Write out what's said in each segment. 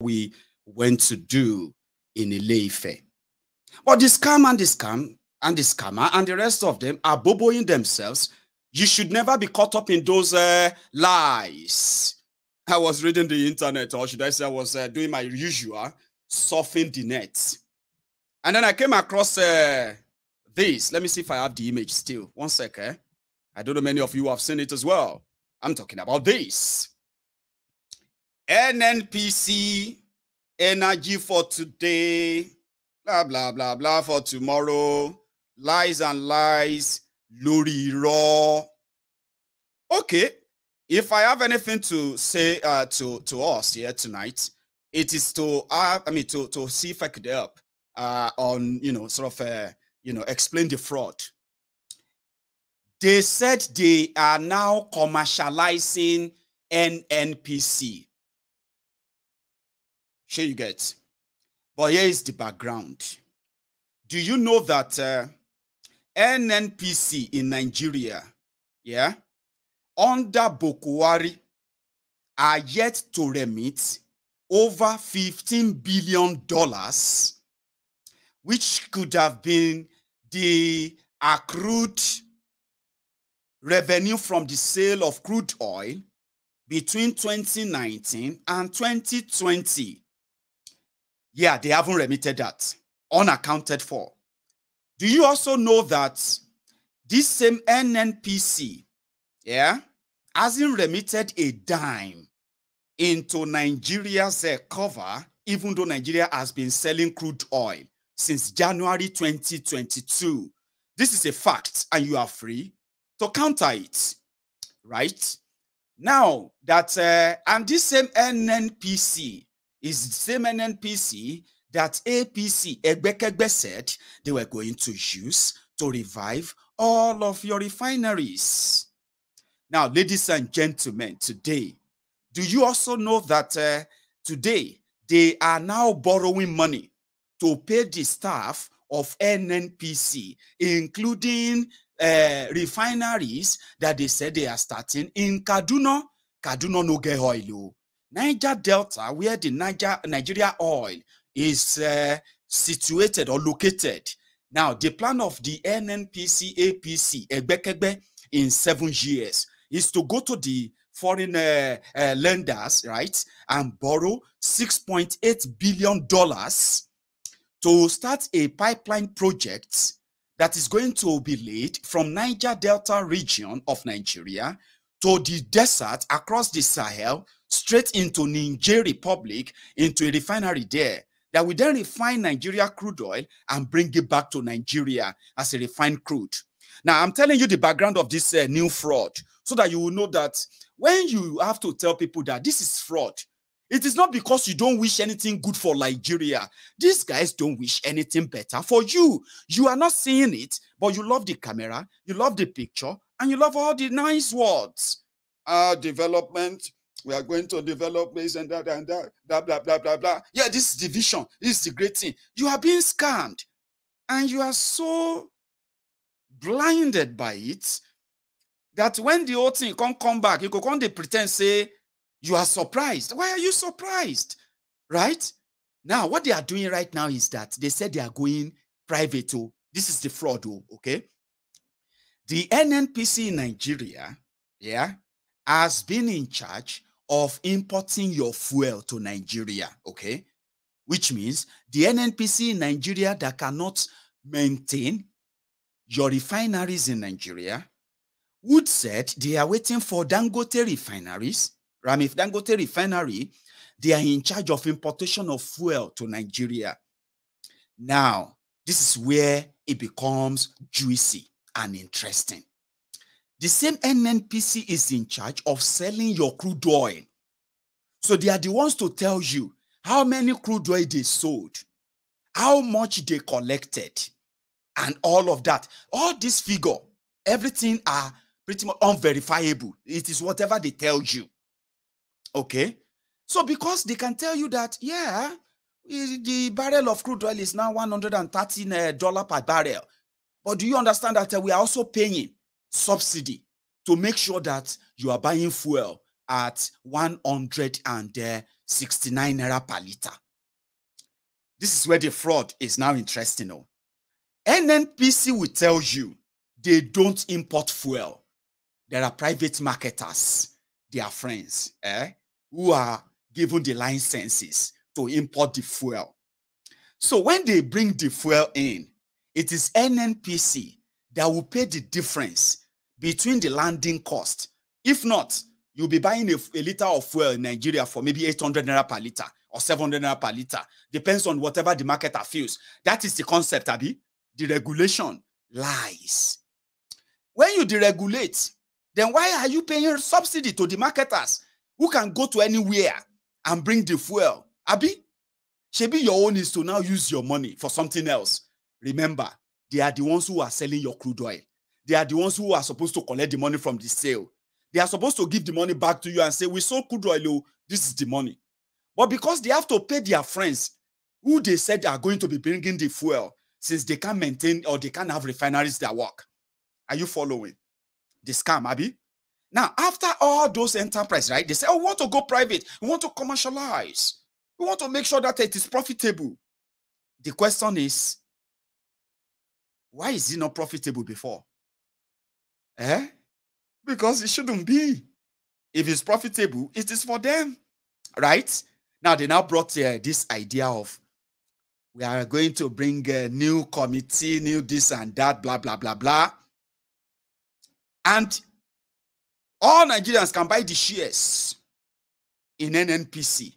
we went to do in a lay fair, But the scam and the scam and the scammer and the rest of them are boboing themselves. You should never be caught up in those uh, lies. I was reading the internet, or should I say, I was uh, doing my usual surfing the net. And then I came across uh, this. Let me see if I have the image still. One second. I don't know many of you have seen it as well. I'm talking about this. NNPC energy for today, blah, blah, blah, blah for tomorrow, lies and lies, lórí raw. Okay, if I have anything to say uh, to, to us here tonight, it is to, uh, I mean, to, to see if I could help uh, on, you know, sort of, uh, you know, explain the fraud. They said they are now commercializing NNPC Sure, you get. But here is the background. Do you know that uh, NNPC in Nigeria, yeah, under Bokuwari, are yet to remit over $15 billion, which could have been the accrued revenue from the sale of crude oil between 2019 and 2020 yeah, they haven't remitted that. Unaccounted for. Do you also know that this same NNPC, yeah, hasn't remitted a dime into Nigeria's uh, cover, even though Nigeria has been selling crude oil since January 2022. This is a fact, and you are free to counter it, right? Now that, uh, and this same NNPC is the same NNPC that APC, Egbekegbe said they were going to use to revive all of your refineries. Now, ladies and gentlemen, today, do you also know that uh, today they are now borrowing money to pay the staff of NNPC, including uh, refineries that they said they are starting in Kaduna? Kaduna no get oil. Oh. Niger Delta, where the Niger Nigeria oil is uh, situated or located. Now, the plan of the NNPC APC Egbekegbe in seven years is to go to the foreign uh, uh, lenders, right, and borrow $6.8 billion to start a pipeline project that is going to be laid from Niger Delta region of Nigeria to the desert across the Sahel straight into Niger Republic, into a refinery there, that will then refine Nigeria crude oil and bring it back to Nigeria as a refined crude. Now, I'm telling you the background of this uh, new fraud so that you will know that when you have to tell people that this is fraud, it is not because you don't wish anything good for Nigeria. These guys don't wish anything better for you. You are not seeing it, but you love the camera, you love the picture, and you love all the nice words. Uh, development, we are going to develop this and that and that, blah, blah, blah, blah, blah. Yeah, this division is the great thing. You are being scammed and you are so blinded by it that when the old thing can't come back, you can come they pretend say you are surprised. Why are you surprised? Right? Now, what they are doing right now is that they said they are going private. Oh, this is the fraud. Oh, okay. The NNPC in Nigeria, yeah, has been in charge of importing your fuel to Nigeria, okay? Which means the NNPC in Nigeria that cannot maintain your refineries in Nigeria would said they are waiting for Dangote refineries. Ramif Dangote refinery, they are in charge of importation of fuel to Nigeria. Now, this is where it becomes juicy and interesting. The same NNPC is in charge of selling your crude oil. So they are the ones to tell you how many crude oil they sold, how much they collected, and all of that. All this figure, everything are pretty much unverifiable. It is whatever they tell you. Okay? So because they can tell you that, yeah, the barrel of crude oil is now $130 uh, per barrel. But do you understand that uh, we are also paying subsidy to make sure that you are buying fuel at 169 naira per liter. This is where the fraud is now interesting. Though. NNPC will tell you they don't import fuel. There are private marketers, their friends, eh, who are given the licenses to import the fuel. So when they bring the fuel in, it is NNPC that will pay the difference between the landing cost. If not, you'll be buying a, a liter of fuel in Nigeria for maybe 800 naira per liter or 700 naira per liter. Depends on whatever the market feels. That is the concept, Abi. The regulation lies. When you deregulate, then why are you paying subsidy to the marketers who can go to anywhere and bring the fuel? Abi, Maybe your own is to now use your money for something else. Remember, they are the ones who are selling your crude oil. They are the ones who are supposed to collect the money from the sale. They are supposed to give the money back to you and say, We sold crude oil, oh, this is the money. But because they have to pay their friends who they said are going to be bringing the fuel since they can't maintain or they can't have refineries that work. Are you following? The scam, Abby? Now, after all those enterprise, right? They say, oh, we want to go private. We want to commercialize. We want to make sure that it is profitable. The question is, why is it not profitable before? Eh? Because it shouldn't be. If it's profitable, it is for them, right? Now they now brought uh, this idea of we are going to bring a uh, new committee, new this and that, blah blah blah blah, and all Nigerians can buy the shares in NNPC.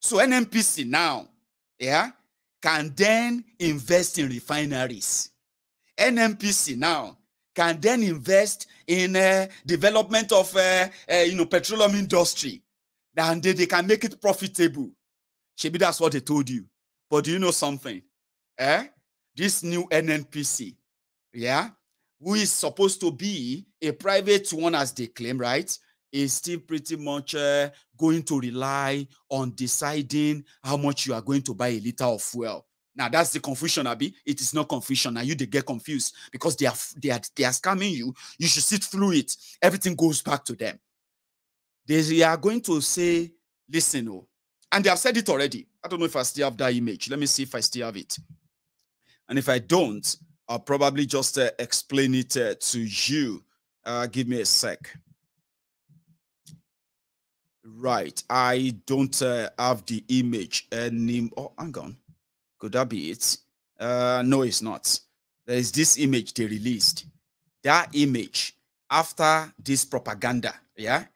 So NNPC now, yeah, can then invest in refineries. NMPC now can then invest in uh, development of uh, uh, you know petroleum industry, and they, they can make it profitable. Maybe that's what they told you. But do you know something? Eh? This new NNPC, yeah, who is supposed to be a private one as they claim, right? Is still pretty much uh, going to rely on deciding how much you are going to buy a liter of fuel now that's the confusion, Abi. It is not confusion. Now you they get confused because they are they are they are scamming you. You should sit through it. Everything goes back to them. They are going to say, listen, oh, and they have said it already. I don't know if I still have that image. Let me see if I still have it. And if I don't, I'll probably just uh, explain it uh, to you. Uh, give me a sec. Right, I don't uh, have the image anymore. Oh, hang on. Could that be it? Uh, no, it's not. There is this image they released. That image, after this propaganda, yeah,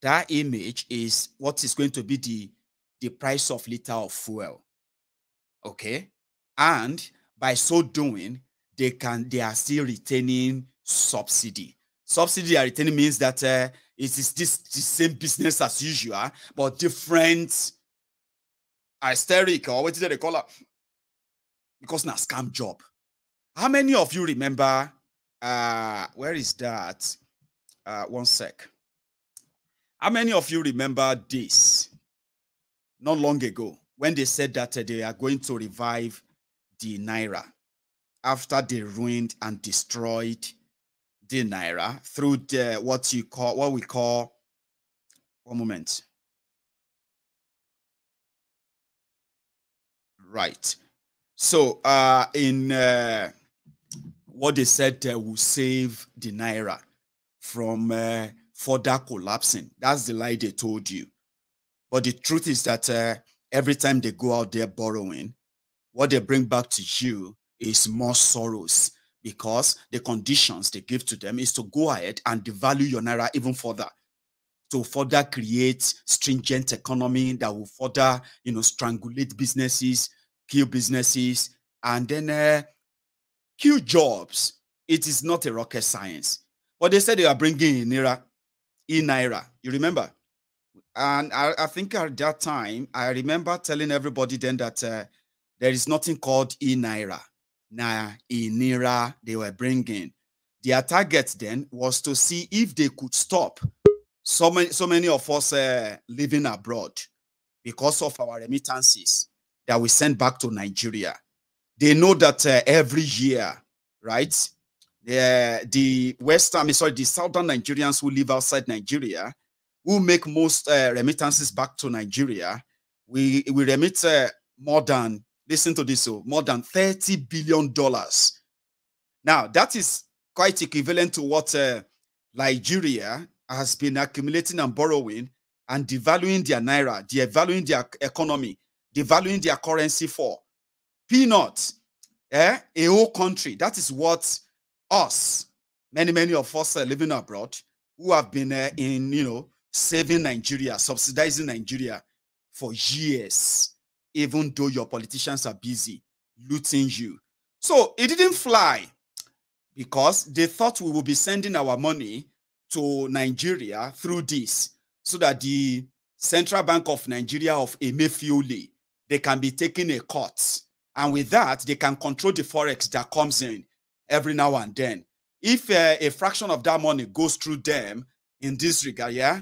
that image is what is going to be the, the price of liter of fuel. Okay? And by so doing, they can they are still retaining subsidy. Subsidy are retaining means that uh, it is this the same business as usual, but different asterisk or what did they call it? because na scam job how many of you remember uh where is that uh one sec how many of you remember this not long ago when they said that uh, they are going to revive the naira after they ruined and destroyed the naira through the what you call what we call one moment right so uh, in uh, what they said uh, will save the naira from uh, further collapsing. That's the lie they told you. But the truth is that uh, every time they go out there borrowing, what they bring back to you is more sorrows because the conditions they give to them is to go ahead and devalue your naira even further to further create stringent economy that will further you know strangulate businesses kill businesses, and then uh, kill jobs. It is not a rocket science. But they said they are bringing in Naira. In Naira, you remember? And I, I, think at that time, I remember telling everybody then that uh, there is nothing called in Naira. Now, in Naira, they were bringing. Their target then was to see if they could stop so many, so many of us uh, living abroad because of our remittances that we send back to Nigeria. They know that uh, every year, right? Uh, the Western, sorry, the Southern Nigerians who live outside Nigeria, who make most uh, remittances back to Nigeria, we, we remit uh, more than, listen to this, so oh, more than $30 billion. Now, that is quite equivalent to what uh, Nigeria has been accumulating and borrowing and devaluing their naira, devaluing their economy devaluing their currency for. Peanuts, eh? a whole country. That is what us, many, many of us are living abroad, who have been uh, in, you know, saving Nigeria, subsidizing Nigeria for years, even though your politicians are busy looting you. So it didn't fly because they thought we would be sending our money to Nigeria through this so that the Central Bank of Nigeria of Emefiole they can be taking a cut. And with that, they can control the forex that comes in every now and then. If uh, a fraction of that money goes through them in this regard, yeah,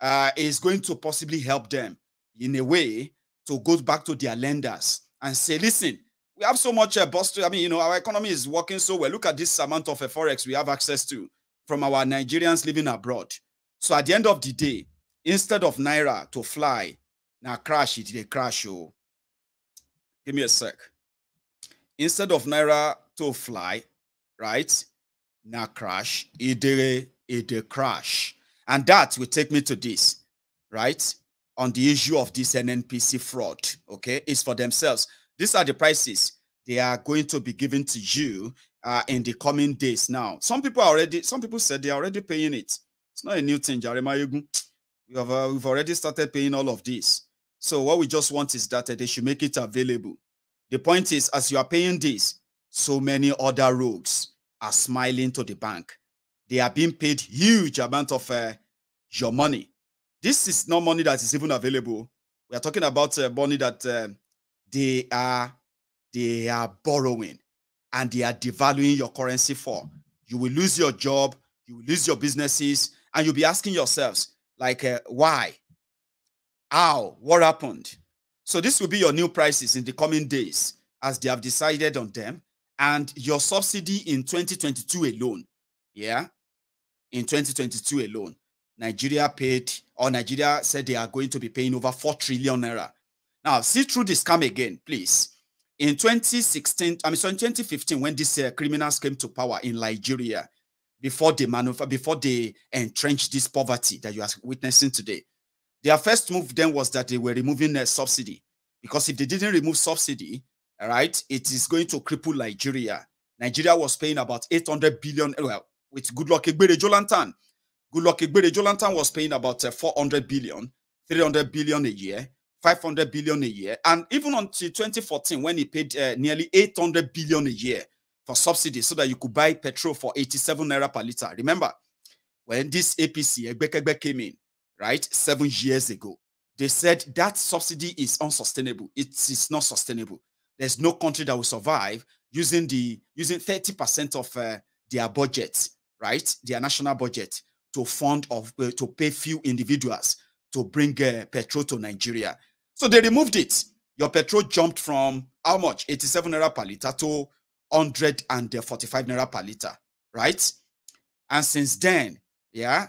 uh, is going to possibly help them in a way to go back to their lenders and say, listen, we have so much uh, bust. I mean, you know, our economy is working so well. Look at this amount of uh, forex we have access to from our Nigerians living abroad. So at the end of the day, instead of Naira to fly, now crash it, they crash. Oh. Give me a sec. Instead of Naira to fly, right? Now crash. Idere, idere crash. And that will take me to this, right? On the issue of this NNPC fraud, okay? It's for themselves. These are the prices they are going to be given to you uh, in the coming days now. Some people already, some people said they're already paying it. It's not a new thing, Jeremiah. We have, uh, we've already started paying all of this. So what we just want is that uh, they should make it available. The point is, as you are paying this, so many other rogues are smiling to the bank. They are being paid huge amount of uh, your money. This is not money that is even available. We are talking about uh, money that uh, they are they are borrowing and they are devaluing your currency for. You will lose your job, you will lose your businesses, and you'll be asking yourselves, like, uh, why? How? What happened? So this will be your new prices in the coming days as they have decided on them and your subsidy in 2022 alone. Yeah. In 2022 alone, Nigeria paid or Nigeria said they are going to be paying over 4 trillion naira. Now, see through this come again, please. In 2016, I mean, so in 2015, when these uh, criminals came to power in Nigeria, before they manuf- before they entrenched this poverty that you are witnessing today, their first move then was that they were removing a uh, subsidy because if they didn't remove subsidy, all right, it is going to cripple Nigeria. Nigeria was paying about 800 billion. Eh, well, with good luck, Egbere Jolantan. Good luck, Egbere Jolantan was paying about uh, 400 billion, 300 billion a year, 500 billion a year. And even until 2014, when he paid uh, nearly 800 billion a year for subsidies so that you could buy petrol for 87 naira per liter. Remember, when this APC, Egbekegbe, came in, right, seven years ago, they said that subsidy is unsustainable. It is not sustainable. There's no country that will survive using the using 30% of uh, their budget, right, their national budget to fund of uh, to pay few individuals to bring uh, petrol to Nigeria. So they removed it. Your petrol jumped from how much? 87 naira per liter to 145 naira per liter, right? And since then, yeah,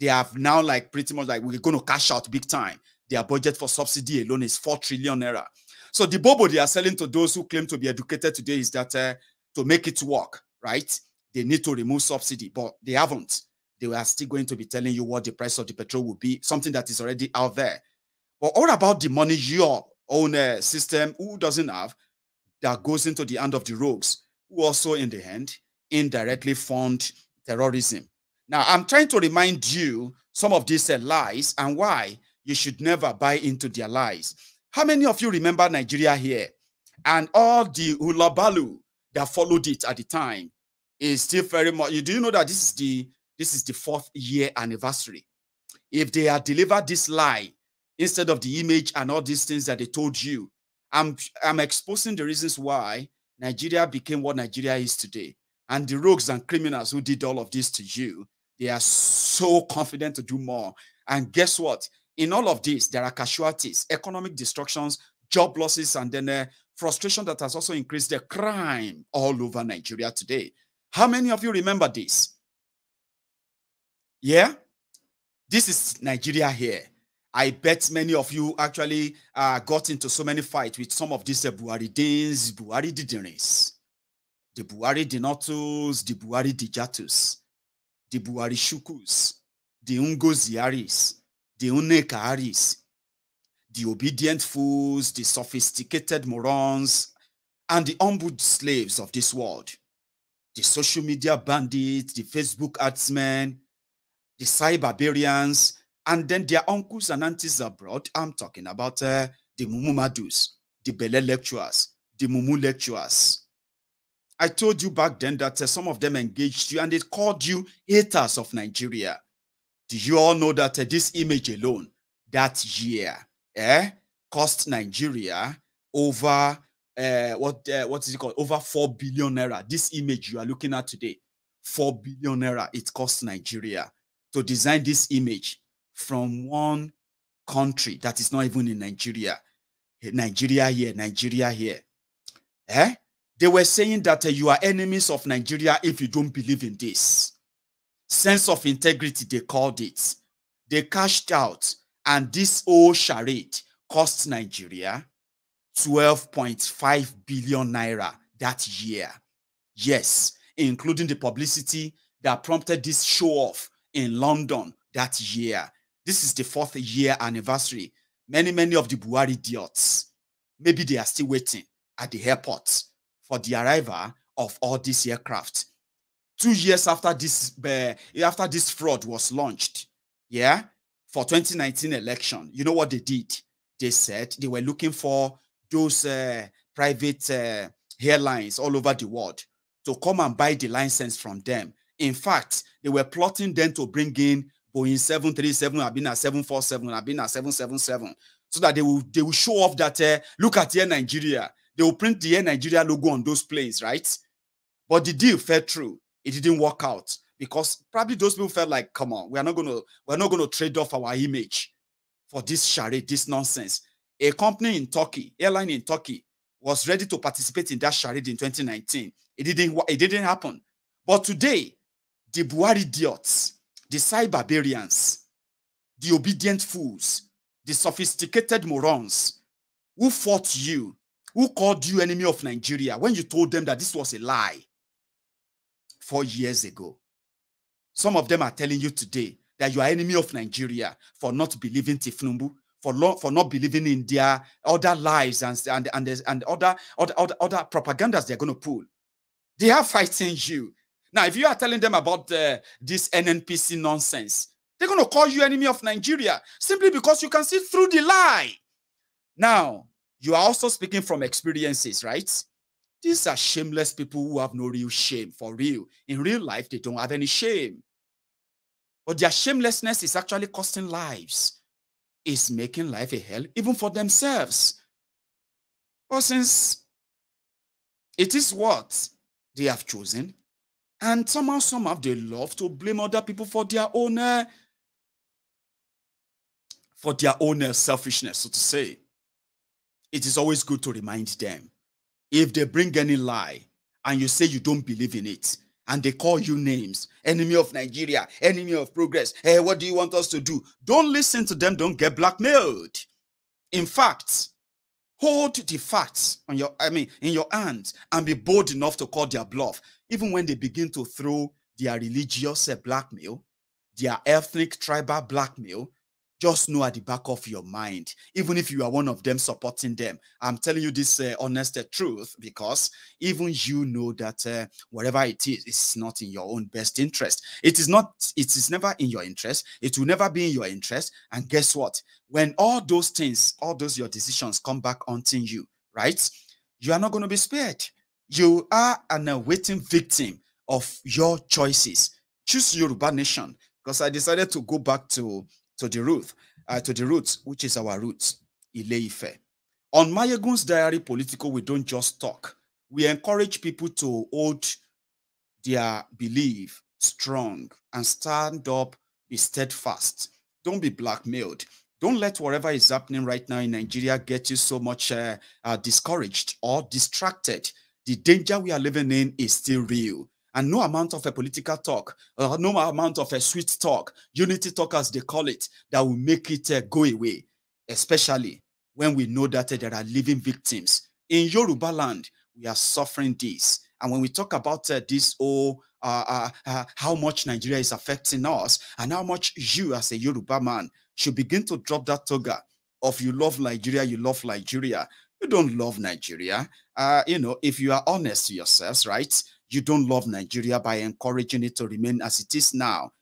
They have now like pretty much like we're going to cash out big time. Their budget for subsidy alone is 4 trillion era. So the bobo they are selling to those who claim to be educated today is that uh, to make it work, right? They need to remove subsidy, but they haven't. They are still going to be telling you what the price of the petrol will be, something that is already out there. But all about the money your own uh, system who doesn't have that goes into the hand of the rogues who also in the end indirectly fund terrorism now, I'm trying to remind you some of these uh, lies and why you should never buy into their lies. How many of you remember Nigeria here? And all the ulabalu that followed it at the time is still very much. You do you know that this is the this is the fourth year anniversary. If they had delivered this lie instead of the image and all these things that they told you, I'm I'm exposing the reasons why Nigeria became what Nigeria is today, and the rogues and criminals who did all of this to you they are so confident to do more. And guess what? In all of this, there are casualties, economic destructions, job losses, and then uh, frustration that has also increased the crime all over Nigeria today. How many of you remember this? Yeah? This is Nigeria here. I bet many of you actually uh, got into so many fights with some of these uh, Buharidins, Buhari Didirins, the Buhari Dinotus, the Buhari Dijatus the Buarishukus, the Ungoziaris, the Unekaris, the obedient fools, the sophisticated morons, and the humble slaves of this world, the social media bandits, the Facebook adsmen, the cyberbarians, and then their uncles and aunties abroad. I'm talking about uh, the Mumu Madus, the Bele lecturers, the Mumu lecturers, I told you back then that uh, some of them engaged you and they called you haters of Nigeria. Do you all know that uh, this image alone that year eh, cost Nigeria over uh, what uh, what is it called? Over four billion naira. This image you are looking at today, four billion naira. It cost Nigeria to design this image from one country that is not even in Nigeria. Nigeria here, Nigeria here. Eh? They were saying that uh, you are enemies of Nigeria if you don't believe in this. Sense of integrity, they called it. They cashed out, and this old charade cost Nigeria 12.5 billion naira that year. Yes, including the publicity that prompted this show off in London that year. This is the fourth year anniversary. Many, many of the Buhari idiots, maybe they are still waiting at the airport for the arrival of all these aircraft. Two years after this, uh, after this fraud was launched, yeah, for 2019 election, you know what they did? They said they were looking for those uh, private uh, airlines all over the world to come and buy the license from them. In fact, they were plotting then to bring in Boeing 737, Abina 747, Abina 777, so that they will they will show off that uh, look at here Nigeria they will print the Air Nigeria logo on those planes, right? But the deal fell through. It didn't work out because probably those people felt like, come on, we are not gonna we're not gonna trade off our image for this charade, this nonsense. A company in Turkey, airline in Turkey, was ready to participate in that charade in 2019. It didn't it didn't happen. But today, the Buhari idiots, the cyber barbarians, the obedient fools, the sophisticated morons who fought you who called you enemy of Nigeria when you told them that this was a lie four years ago. Some of them are telling you today that you are enemy of Nigeria for not believing Tifnumbu, for, lo- for not believing in their other lies and, and, and, and other, other, other, other propagandas they're going to pull. They are fighting you. Now, if you are telling them about uh, this NNPC nonsense, they're going to call you enemy of Nigeria simply because you can see through the lie. Now, you are also speaking from experiences, right? These are shameless people who have no real shame for real. In real life, they don't have any shame. But their shamelessness is actually costing lives. It's making life a hell even for themselves. But since it is what they have chosen, and somehow, somehow, they love to blame other people for their own, uh, for their own selfishness, so to say it is always good to remind them. If they bring any lie and you say you don't believe in it, and they call you names enemy of Nigeria, enemy of progress, hey, eh, what do you want us to do? Don't listen to them, don't get blackmailed. In fact, hold the facts on your i mean in your hands and be bold enough to call their bluff even when they begin to throw their religious eh, blackmail their ethnic tribal blackmail just know at the back of your mind, even if you are one of them supporting them. I'm telling you this uh, honest uh, truth because even you know that uh, whatever it is, it's not in your own best interest. It is not, it is never in your interest. It will never be in your interest. And guess what? When all those things, all those your decisions come back haunting you, right? You are not going to be spared. You are an awaiting victim of your choices. Choose Yoruba Nation because I decided to go back to to the root, uh, to the roots, which is our roots, Ileife. On Mayegun's Diary Political, we don't just talk. We encourage people to hold their belief strong and stand up, be steadfast. Don't be blackmailed. Don't let whatever is happening right now in Nigeria get you so much uh, uh, discouraged or distracted. The danger we are living in is still real and no amount of a political talk, or uh, no amount of a sweet talk, unity talk as they call it, that will make it uh, go away, especially when we know that uh, there are living victims. In Yoruba land, we are suffering this. And when we talk about uh, this, oh, uh, how much Nigeria is affecting us and how much you as a Yoruba man should begin to drop that toga of you love Nigeria, you love Nigeria. You don't love Nigeria. you know, if you are honest to yourselves, right? you don't love Nigeria by encouraging it to remain as it is now,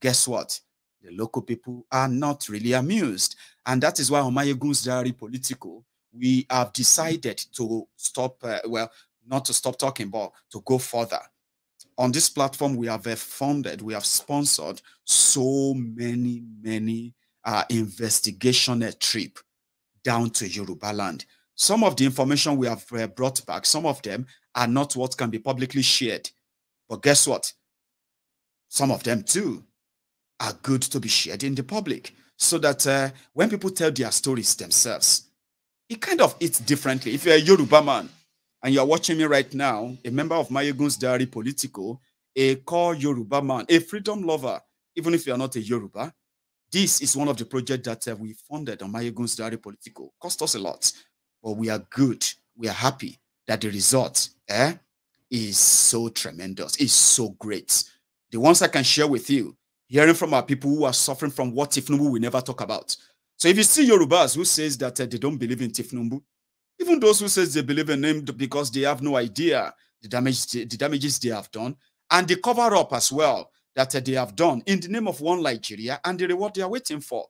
guess what? The local people are not really amused. And that is why Omayegun's diary political, we have decided to stop, uh, well, not to stop talking, but to go further. On this platform, we have uh, funded, we have sponsored so many, many uh, investigation uh, trip down to Yoruba land. Some of the information we have uh, brought back, some of them are not what can be publicly shared. But guess what? Some of them too are good to be shared in the public so that uh, when people tell their stories themselves, it kind of eats differently. If you're a Yoruba man and you're watching me right now, a member of Mayegun's Diary Political, a core Yoruba man, a freedom lover, even if you're not a Yoruba, this is one of the projects that uh, we funded on Mayegun's Diary Political. Cost us a lot, but we are good. We are happy that the result eh, is so tremendous, is so great. The ones I can share with you, hearing from our people who are suffering from what Tifnumbu we never talk about. So if you see Yorubas who says that uh, they don't believe in Tifnumbu, even those who says they believe in him because they have no idea the damage the, the damages they have done and the cover up as well that uh, they have done in the name of one Nigeria and the reward they are waiting for.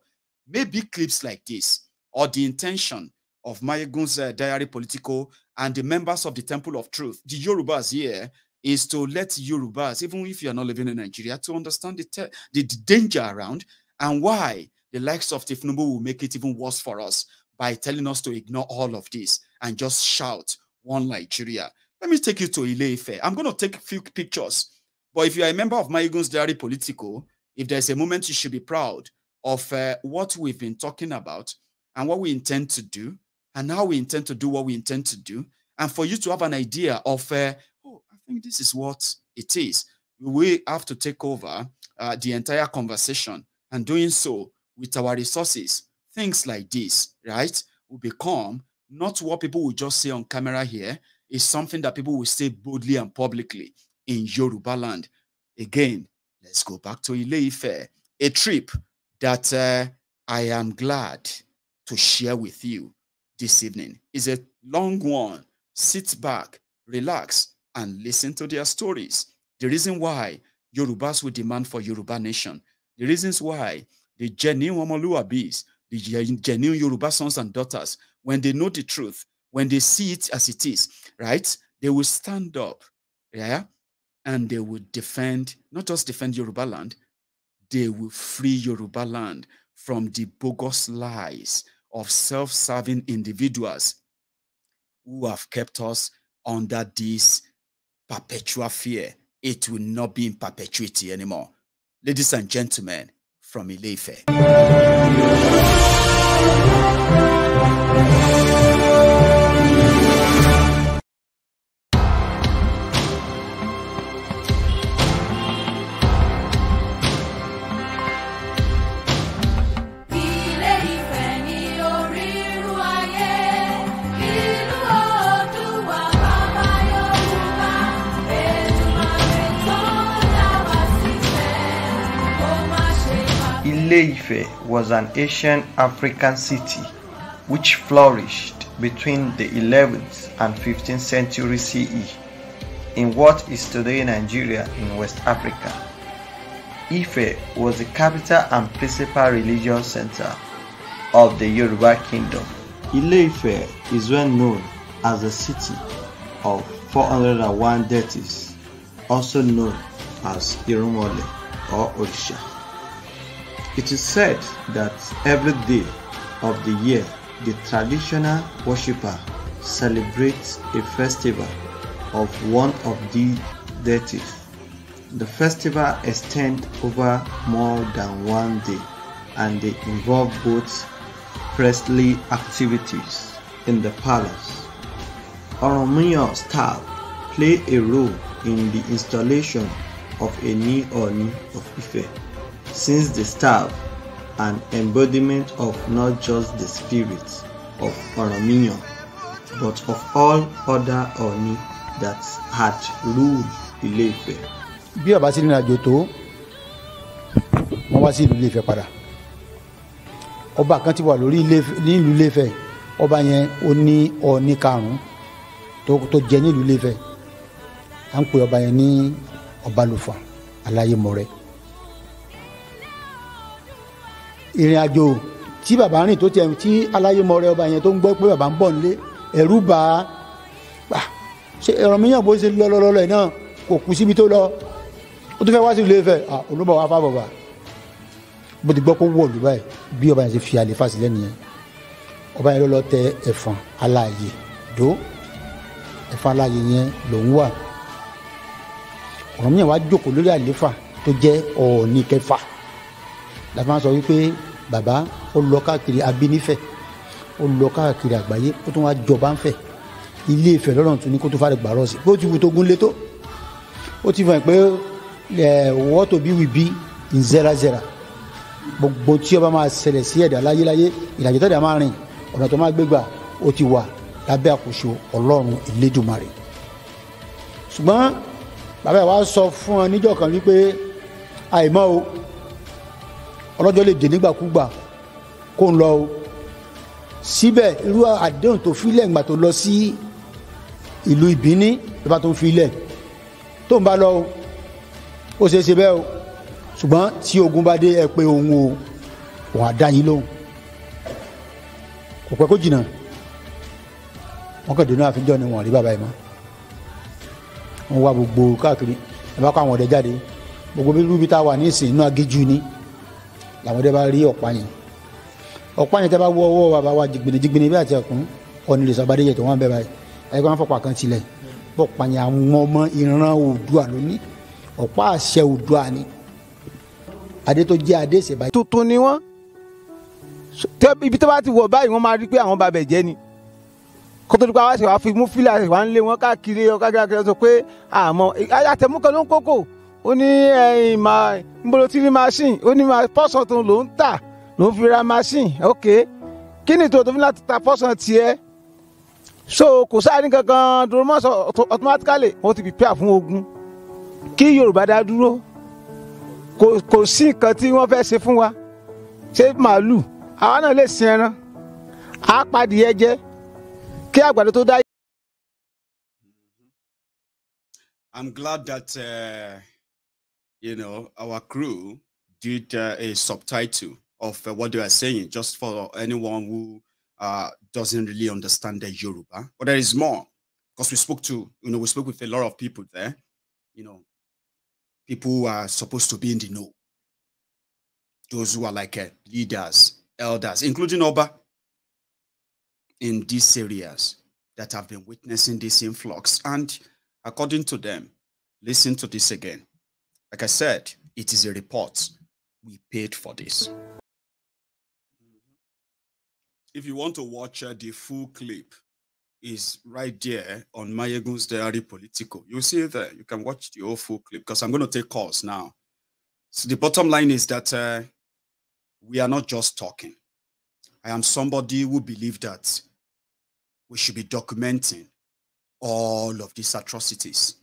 Maybe clips like this or the intention of Mayegun's uh, Diary political and the members of the Temple of Truth, the Yorubas here, is to let Yorubas, even if you are not living in Nigeria, to understand the, the danger around and why the likes of Tifnubu will make it even worse for us by telling us to ignore all of this and just shout one Nigeria. Let me take you to Ileife. I'm going to take a few pictures. But if you are a member of Mayegun's Diary political, if there's a moment you should be proud of uh, what we've been talking about and what we intend to do and now we intend to do what we intend to do. And for you to have an idea of, uh, oh, I think this is what it is, we have to take over uh, the entire conversation. And doing so with our resources, things like this, right, will become not what people will just say on camera here, is something that people will say boldly and publicly in Yoruba land. Again, let's go back to Ile-Ife, a trip that uh, I am glad to share with you this evening. is a long one. Sit back, relax, and listen to their stories. The reason why Yorubas will demand for Yoruba nation. The reasons why the genuine Omoluwabis, the genuine Yoruba sons and daughters, when they know the truth, when they see it as it is, right? They will stand up, yeah? And they will defend, not just defend Yoruba land, they will free Yoruba land from the bogus lies of self serving individuals who have kept us under this perpetual fear. It will not be in perpetuity anymore. Ladies and gentlemen, from Ileife. was an ancient African city which flourished between the 11th and 15th century CE in what is today Nigeria in West Africa. Ife was the capital and principal religious center of the Yoruba kingdom. Ile-Ife is well known as the city of 401 deities, also known as Irumole or Orisha. It is said that every day of the year, the traditional worshipper celebrates a festival of one of the deities. The festival extends over more than one day and they involve both priestly activities in the palace. Oromiyo style play a role in the installation of a new Oni of Ife. since the staff an embodiment of not just the spirit of Oromiyan but of all other Oni that had ruled Ilé-Ifẹ̀. bí ọba sí nínú àjò tó wọn wá sí ìlú Ilé-Ifẹ̀ padà ọba kan ti wà lórí nílùú Ilé-Ifẹ̀ ọba yẹn ó ní Ọọ̀ni karùn-ún tó jẹ nílùú Ilé-Ifẹ̀ à ń pè ọba yẹn ní Ọbalùfọ̀n Aláyémọrẹ́ ìrìn àjò tí bàbá rìn tó tiẹ̀ tí aláyémọ̀rẹ́ ọba yẹn tó ń gbọ́ pé bàbá ń bọ̀ nílé ẹ̀rú bà á gbà ṣe ẹ̀rọ mi yàn bó ṣe lọ́lọ́lọ́lọ́ yìí náà kò kú síbi tó lọ ó tún fẹ́ wá sí ilé Ifẹ̀ olúbọ̀ wá fà bàbá bó ti gbọ́ kó wọ̀ lù báyìí bí ọba yẹn ṣe fi àlè fàṣílẹ̀ nìyẹn ọba yẹn ló lọ tẹ ẹ̀fọn aláàyè dó ẹ̀fọn aláàyè yẹn lòún wà ọ̀rọ̀ mi yàn wá jókòó lórí àléfà tó bàbá ó lọ káàkiri abínífẹ̀ ó lọ káàkiri àgbáyé ó tún wá jọba ńfẹ̀ ilé Ifẹ̀ lọ́rùn tún ní kó tó fàrẹ̀ gbàrọ̀ sí bó ti wù tó gúnlé tó ó ti fàn pé wọ́tò bí wì bí nzẹ́razẹ́ra gbogbo tí ọba máa ṣẹlẹ̀ sí ẹ̀dá láyéláyé ìlàjì tẹ̀dá máa rìn ọ̀nà tó máa gbégbà ó ti wà lábẹ́ àkóso ọlọ́run ìlédùmarè ṣùgbọ́n bàbá wa sọ fún ọ níjọ́ kan wípé àìmọ́ o ọlọ́jọ́ lè dé nígbàkúgbà kó ń lọ o síbẹ̀ irú àdéhùn tó filẹ̀ ìgbà tó lọ sí ìlú ìbíní ìbá tó filẹ̀ tó ń bá lọ o ó ṣeé ṣe bẹ́ẹ̀ o ṣùgbọ́n tí ogun bá dé ẹ pé òun o òun á dá yín lóhùn kò pẹ́ kó jìnnà wọn kàn dénú àfijọ́ ni wọn rí bàbá yìí mọ́ wọn wá gbogbo káàkiri ẹ bá kó àwọn ọ̀dẹ́ jáde gbogbo bí rúbi tá a wà ní ìsìn inú agéjú ni làwọn ọdẹ bá rí ọ̀pá yẹn ọ̀pá yẹn tẹ́ bá wọ ọwọ́ bàbá wa jìgbìnì jìgbìnì bí àti ẹ̀kún ọ̀nì lè sọ́ba déjẹ̀ tó wọ́n bẹ̀ báyìí ẹ̀kọ́ wọn fọ̀pá kan tilẹ̀ ọ̀pá yẹn àwọn ọmọ ìran Oòduà lónìí ọ̀pá àṣẹ Oòduà ni adé tó jẹ́ adé ìṣèbáyé. tuntun ni wọ́n ibi tó bá ti wọ̀ báyìí wọ́n máa rí pé àwọn bàbẹ̀ jẹ́ ni kótó nípa wá ṣe wá fi mú fílà ṣe wá ń lé wọn káàkiri káàkiri sọ pé àmọ́ àtẹ̀mú ló ń kókò ó ní ẹ̀yìn máa nbolo tí machine ó ní pọ́sàn tó ló tà ló fi ra machine ok kí ni tòótọ́ fún láti ta pọ́sàn tiẹ̀ so kò sáré kankan doromọ́s automatically wọ́n ti prepare fún ogun kí Yorùbá dá dúró kò sí nǹkan tí wọ́n fẹ́ ṣe fún wa ṣé màálù àwa náà lè sin ẹran á padìyẹ jẹ kí àgbàdo tó dá. I'm glad that uh, you know, our crew did uh, a subtitle of uh, what they are saying, just for anyone who uh, doesn't really understand the Yoruba. But there is more, because we spoke to, you know, we spoke with a lot of people there, you know, people who are supposed to be in the know, those who are like uh, leaders, elders, including Oba, in these areas that have been witnessing this influx. And according to them, listen to this again. Like I said, it is a report. We paid for this. If you want to watch uh, the full clip, is right there on Mayegun's Diary Politico. You see that You can watch the whole full clip because I'm going to take calls now. So the bottom line is that uh, we are not just talking. I am somebody who believes that we should be documenting all of these atrocities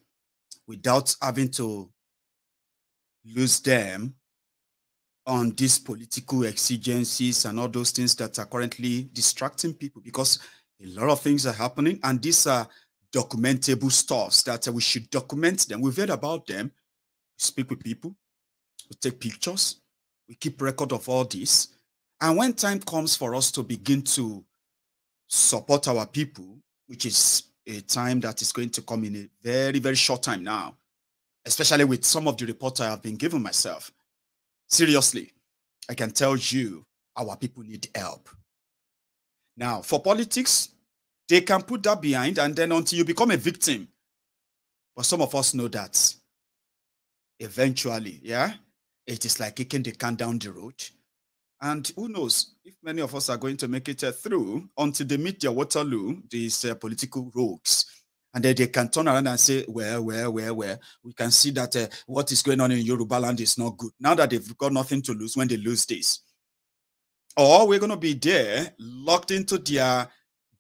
without having to lose them on these political exigencies and all those things that are currently distracting people because a lot of things are happening and these are documentable stuffs that we should document them. We've heard about them. We speak with people. We take pictures. We keep record of all this. And when time comes for us to begin to support our people, which is a time that is going to come in a very, very short time now, especially with some of the reports I have been giving myself. Seriously, I can tell you our people need help. Now, for politics, they can put that behind and then until you become a victim. But some of us know that eventually, yeah, it is like kicking the can down the road. And who knows if many of us are going to make it uh, through until they meet their Waterloo, these uh, political rogues and then they can turn around and say, well, well, well, well, we can see that uh, what is going on in Yoruba land is not good. Now that they've got nothing to lose when they lose this. Or we're going to be there locked into their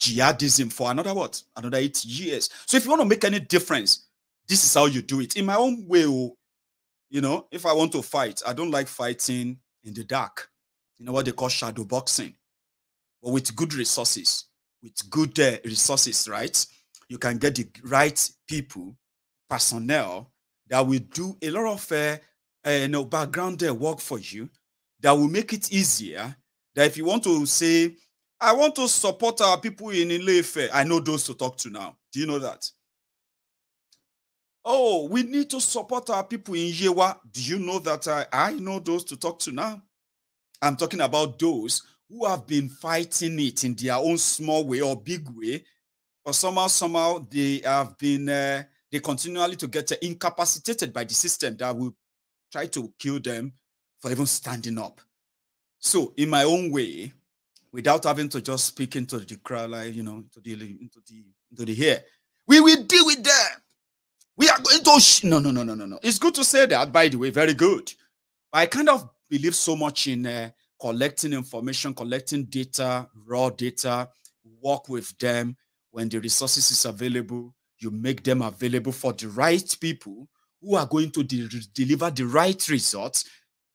jihadism for another what? Another eight years. So if you want to make any difference, this is how you do it. In my own way, oh, you know, if I want to fight, I don't like fighting in the dark. You know what they call shadow boxing. But with good resources, with good uh, resources, right? you can get the right people, personnel that will do a lot of uh, uh, you know, background eh, work for you that will make it easier. That if you want to say, I want to support our people in Ilefe, I know those to talk to now. Do you know that? Oh, we need to support our people in Yewa. Do you know that I, I know those to talk to now? I'm talking about those who have been fighting it in their own small way or big way but somehow, somehow they have been, uh, they continually to get uh, incapacitated by the system that will try to kill them for even standing up. So in my own way, without having to just speak into the crowd, like, you know, into the, into the, into the here, we will deal with them. We are going to, no, no, no, no, no, no. It's good to say that, by the way, very good. But I kind of believe so much in uh, collecting information, collecting data, raw data, work with them, when the resources is available, you make them available for the right people who are going to de deliver the right results.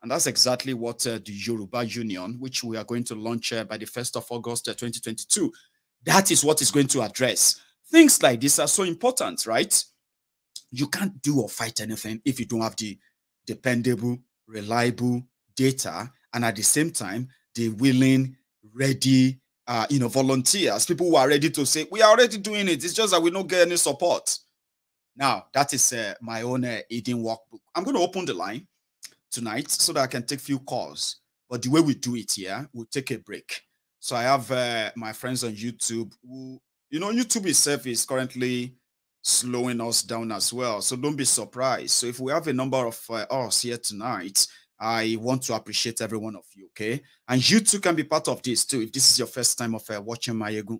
And that's exactly what uh, the Yoruba Union, which we are going to launch uh, by the 1st of August uh, 2022, that is what is going to address. Things like this are so important, right? You can't do or fight anything if you don't have the dependable, reliable data and at the same time, the willing, ready, uh, you know, volunteers, people who are ready to say, we are already doing it. It's just that we don't get any support. Now, that is uh, my own uh, aiding workbook. I'm going to open the line tonight so that I can take few calls. But the way we do it here, yeah, we'll take a break. So I have uh, my friends on YouTube who, you know, YouTube itself is currently slowing us down as well. So don't be surprised. So if we have a number of uh, us here tonight, I want to appreciate every one of you, okay? And you too can be part of this too. If this is your first time of uh, watching Mayegun,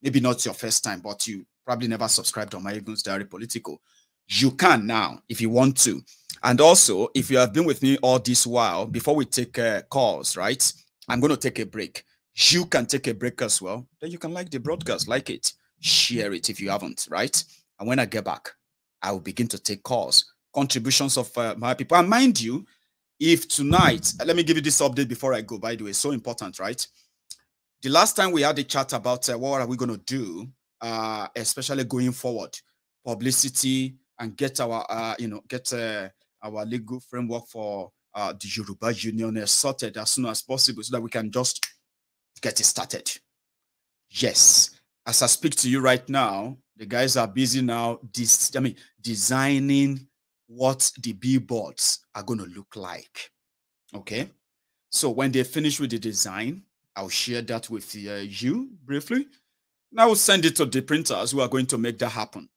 maybe not your first time, but you probably never subscribed on Mayegun's Diary Political, you can now if you want to. And also, if you have been with me all this while, before we take uh, calls, right? I'm going to take a break. You can take a break as well. Then you can like the broadcast, like it, share it if you haven't, right? And when I get back, I will begin to take calls, contributions of uh, my people. And mind you, if tonight, let me give you this update before I go, by the way, so important, right? The last time we had a chat about uh, what are we going to do, uh, especially going forward, publicity and get our, uh, you know, get uh, our legal framework for uh, the Yoruba Union uh, sorted as soon as possible so that we can just get it started. Yes, as I speak to you right now, the guys are busy now. This, I mean, designing what the billboards are going to look like. Okay. So when they finish with the design, I'll share that with uh, you briefly. And I will send it to the printers who are going to make that happen.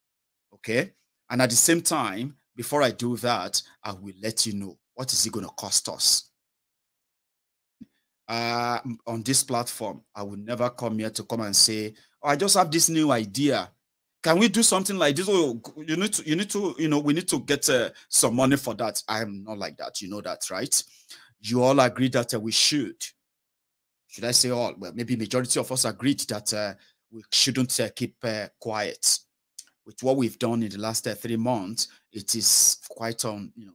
Okay. And at the same time, before I do that, I will let you know what is it going to cost us. Uh, on this platform, I will never come here to come and say, oh, I just have this new idea can we do something like this? Oh, you need to, you need to, you know, we need to get uh, some money for that. I'm not like that. You know that, right? You all agree that uh, we should. Should I say all? Well, maybe majority of us agreed that uh, we shouldn't uh, keep uh, quiet. With what we've done in the last uh, three months, it is quite um, you know,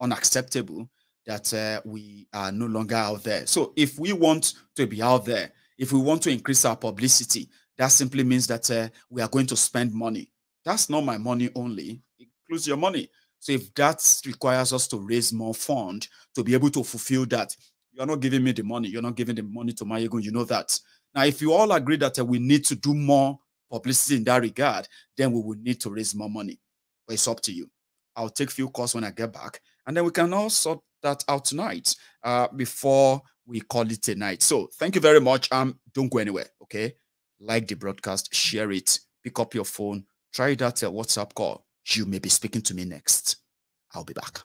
unacceptable that we are no longer out there. So if we want to be out there, if we want to increase our publicity, that simply means that uh, we are going to spend money. That's not my money only, it includes your money. So if that requires us to raise more fund to be able to fulfill that, you're not giving me the money. You're not giving the money to ego. You know that. Now, if you all agree that uh, we need to do more publicity in that regard, then we will need to raise more money. But it's up to you. I'll take few calls when I get back, and then we can all sort that out tonight uh, before we call it a night. So thank you very much. Um, don't go anywhere. Okay, like the broadcast, share it, pick up your phone, try that uh, WhatsApp call. You may be speaking to me next. I'll be back.